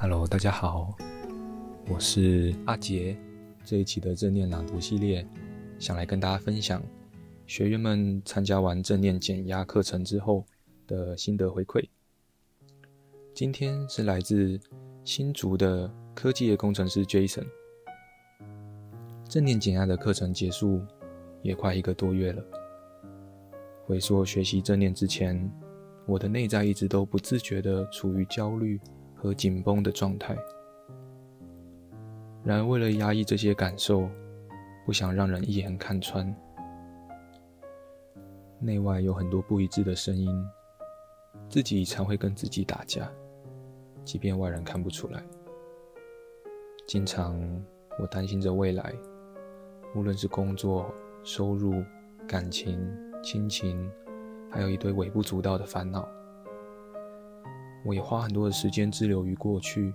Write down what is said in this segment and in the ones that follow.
Hello，大家好，我是阿杰。這一期的正念朗讀系列，想來跟大家分享學員們參加完正念減壓課程之後的心得回饋。今天是來自新竹的科技業工程師 Jason。正念減壓的課程結束也快一個多月了。回溯學習正念之前，我的內在一直都不自覺地處於焦慮和緊繃的狀態。然而，為了壓抑這些感受，不想讓人一眼看穿，內外有很多不一致的聲音，自己常會跟自己打架，即便外人看不出來。經常，我擔心着未來，無論是工作、收入、感情、親情，還有一堆微不足道的煩惱。我也花很多的時間滯留於過去，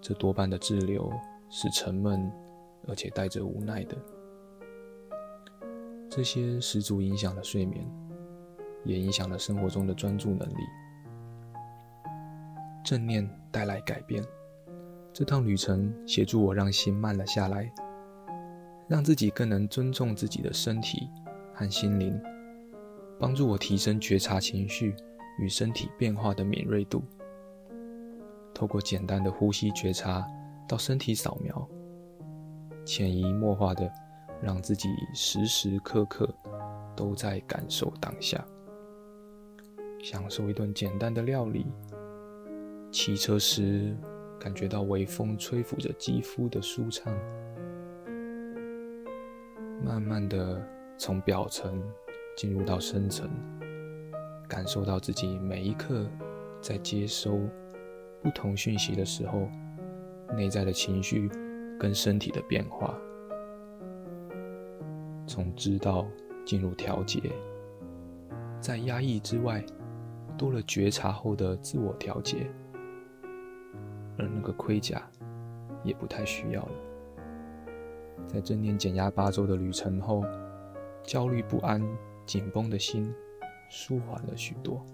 這多半的滯留是沉悶，而且帶着無奈的。這些十足影響了睡眠，也影響了生活中的專注能力。正念帶來改變，這趟旅程協助我讓心慢了下來，讓自己更能尊重自己的身體和心靈，幫助我提升覺察情緒與身體變化的敏銳度，透過簡單的呼吸覺察到身體掃描，潛移默化的讓自己時時刻刻都在感受當下。享受一頓簡單的料理，騎車時感覺到微風吹拂着肌膚的舒暢，慢慢的從表層進入到深層。感受到自己每一刻在接收不同訊息的時候，內在的情緒跟身體的變化，從知道進入調節，在壓抑之外，多了覺察後的自我調節，而那個盔甲也不太需要了。在正念減壓八周的旅程後，焦慮不安、緊繃的心，舒緩了許多，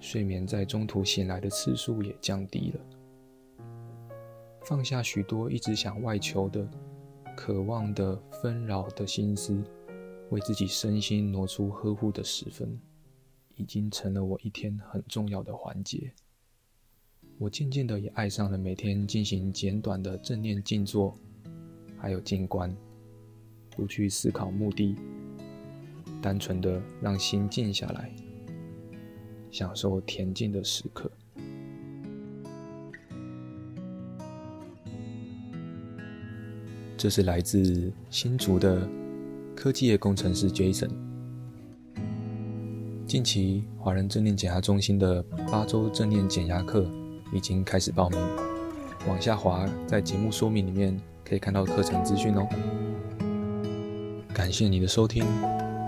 睡眠在中途醒來的次數也降低了。放下許多一直想外求的、渴望的、紛擾的心思，為自己身心挪出呵護的時分，已經成了我一天很重要的環節。我漸漸的也愛上了每天進行簡短的正念靜坐，還有靜觀，不去思考目的。單純的讓心靜下來，享受恬靜的時刻。這是來自新竹的科技業工程師 Jason。近期華人正念減壓中心的八週正念減壓課已經開始報名，往下滑在節目說明裡面可以看到課程資訊哦。感謝你的收聽。